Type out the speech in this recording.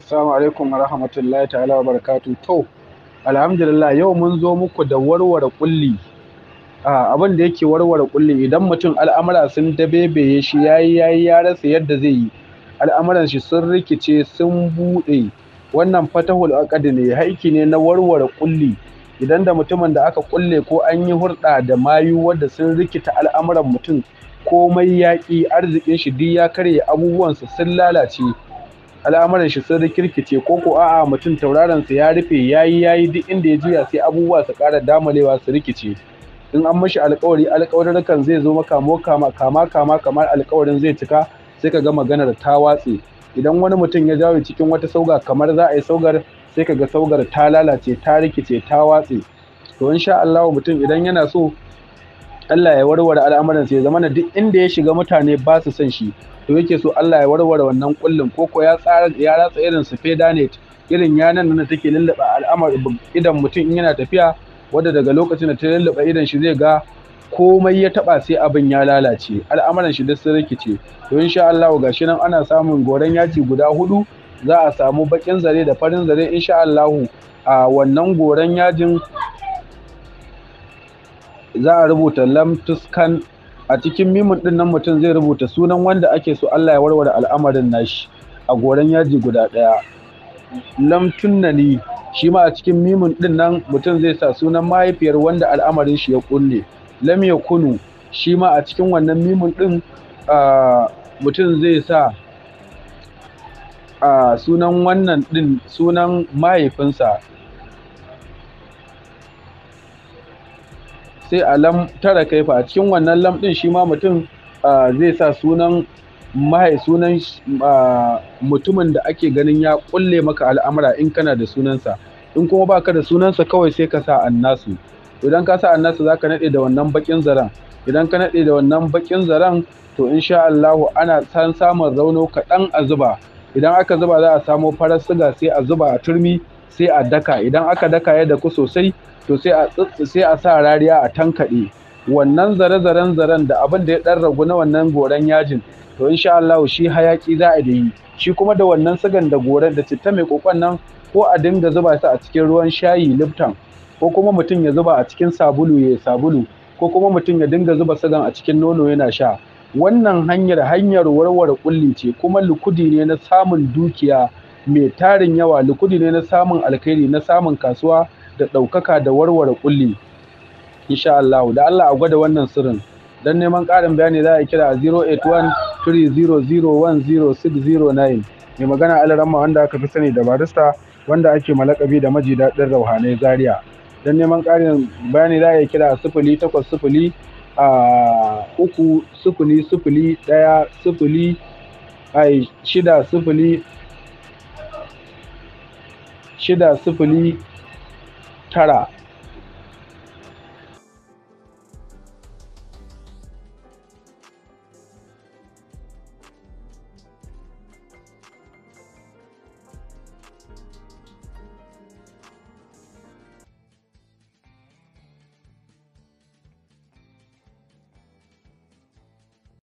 Assalamu alaikum wa rahmatullahi ta'ala wa barakatu. To, alhamdulillah yau mun zo muku da warware kulli. Abin da yake warware kulli idan mutum al'amura sun dabebeye shi yayi yayi ya rasa yadda zai yi. Al'amuran shi sun rikice sun buɗe. Wannan fatahul aqd ne haiki ne na warware kulli. Idan da mutumin da aka kulle ko an yi hurɗa da mayu wanda sun rikita al'amuran mutum komai yaƙi arzikin shi duk ya karye abubuwansa sun lalace. al'amuran shi sun rikirkice ko ko a'a mutum tauraron sa ya rufe yayi yayi duk inda ya juya sai abubuwa su ƙara damalewa su rikice in an mashi alƙawari alƙawarin zai zo maka kama kama kamar alƙawarin zai cika sai ka ga maganar ta watse idan wani mutum ya jawo cikin wata sauga kamar za a yi saugar sai ka ga saugar ta lalace ta rikice ta watse to sha Allah mutum idan yana so Allah ya warware al'amuran sai zamana duk inda ya shiga mutane ba su son shi to yake so Allah ya warware wannan kullum ko ko ya tsara ya ratsa irin su fedanet irin yanan nan take lullaba al'amarin idan mutum in yana tafiya wanda daga lokacin da ta lullaba idan shi zai ga komai ya taba sai abin ya lalace al'amuran shi da sun rikice to insha Allah gashi nan ana samun goran yaji guda hudu za a samu bakin zare da farin zare insha Allah a wannan goran yajin za a rubuta lam a cikin mimun din nan mutum zai rubuta sunan wanda ake so Allah ya warware al'amarin nashi a goren yaji guda ɗaya lam tunnani shi ma a cikin mimun din nan mutum zai sa sunan mahaifiyar wanda al'amarin shi ya kulle lam ya kunu shi ma a cikin wannan mimun din mutum zai sa sunan wannan din sunan mahaifinsa sai a lam tara kaifa a cikin wannan lam din shi ma mutum zai sa sunan mahai sunan mutumin da ake ganin ya kulle maka al'amura in kana da sunansa in kuma baka da sunansa kawai sai ka sa annasu idan ka sa annasu za ka naɗe da wannan baƙin zaren idan ka naɗe da wannan bakin zaren to insha Allahu ana san samun rauno kaɗan a zuba idan aka zuba za a samo farar siga sai a zuba a turmi sai a daka idan aka daka ya daku sosai to sai a sai a sa rariya a tankaɗe wannan zare-zaren zaren da abin da ya ɗan ragu na wannan goran yajin to insha Allah shi hayaki za a da yi shi kuma da wannan sugan da goran da citta mai kokon nan ko a dinga zuba su a cikin ruwan shayi liftan ko kuma mutum ya zuba a cikin sabulu ya sabulu ko kuma mutum ya dinga zuba sugan a cikin nono yana sha wannan hanyar hanyar warware kulli ce kuma lukudi ne na samun dukiya mai tarin yawa likudi ne na samun alkhairi na samun kasuwa da ɗaukaka da warware kulli insha Allah da Allah a gwada wannan sirrin don neman ƙarin bayani za a kira a 081 mai magana alaramma wanda aka fi sani da barista wanda ake malakabi da maji daɗin rauhanai zaria don neman ƙarin bayani za a kira a sifili takwas a uku sifili sifili ɗaya sifili a shida sifili shida sifili tara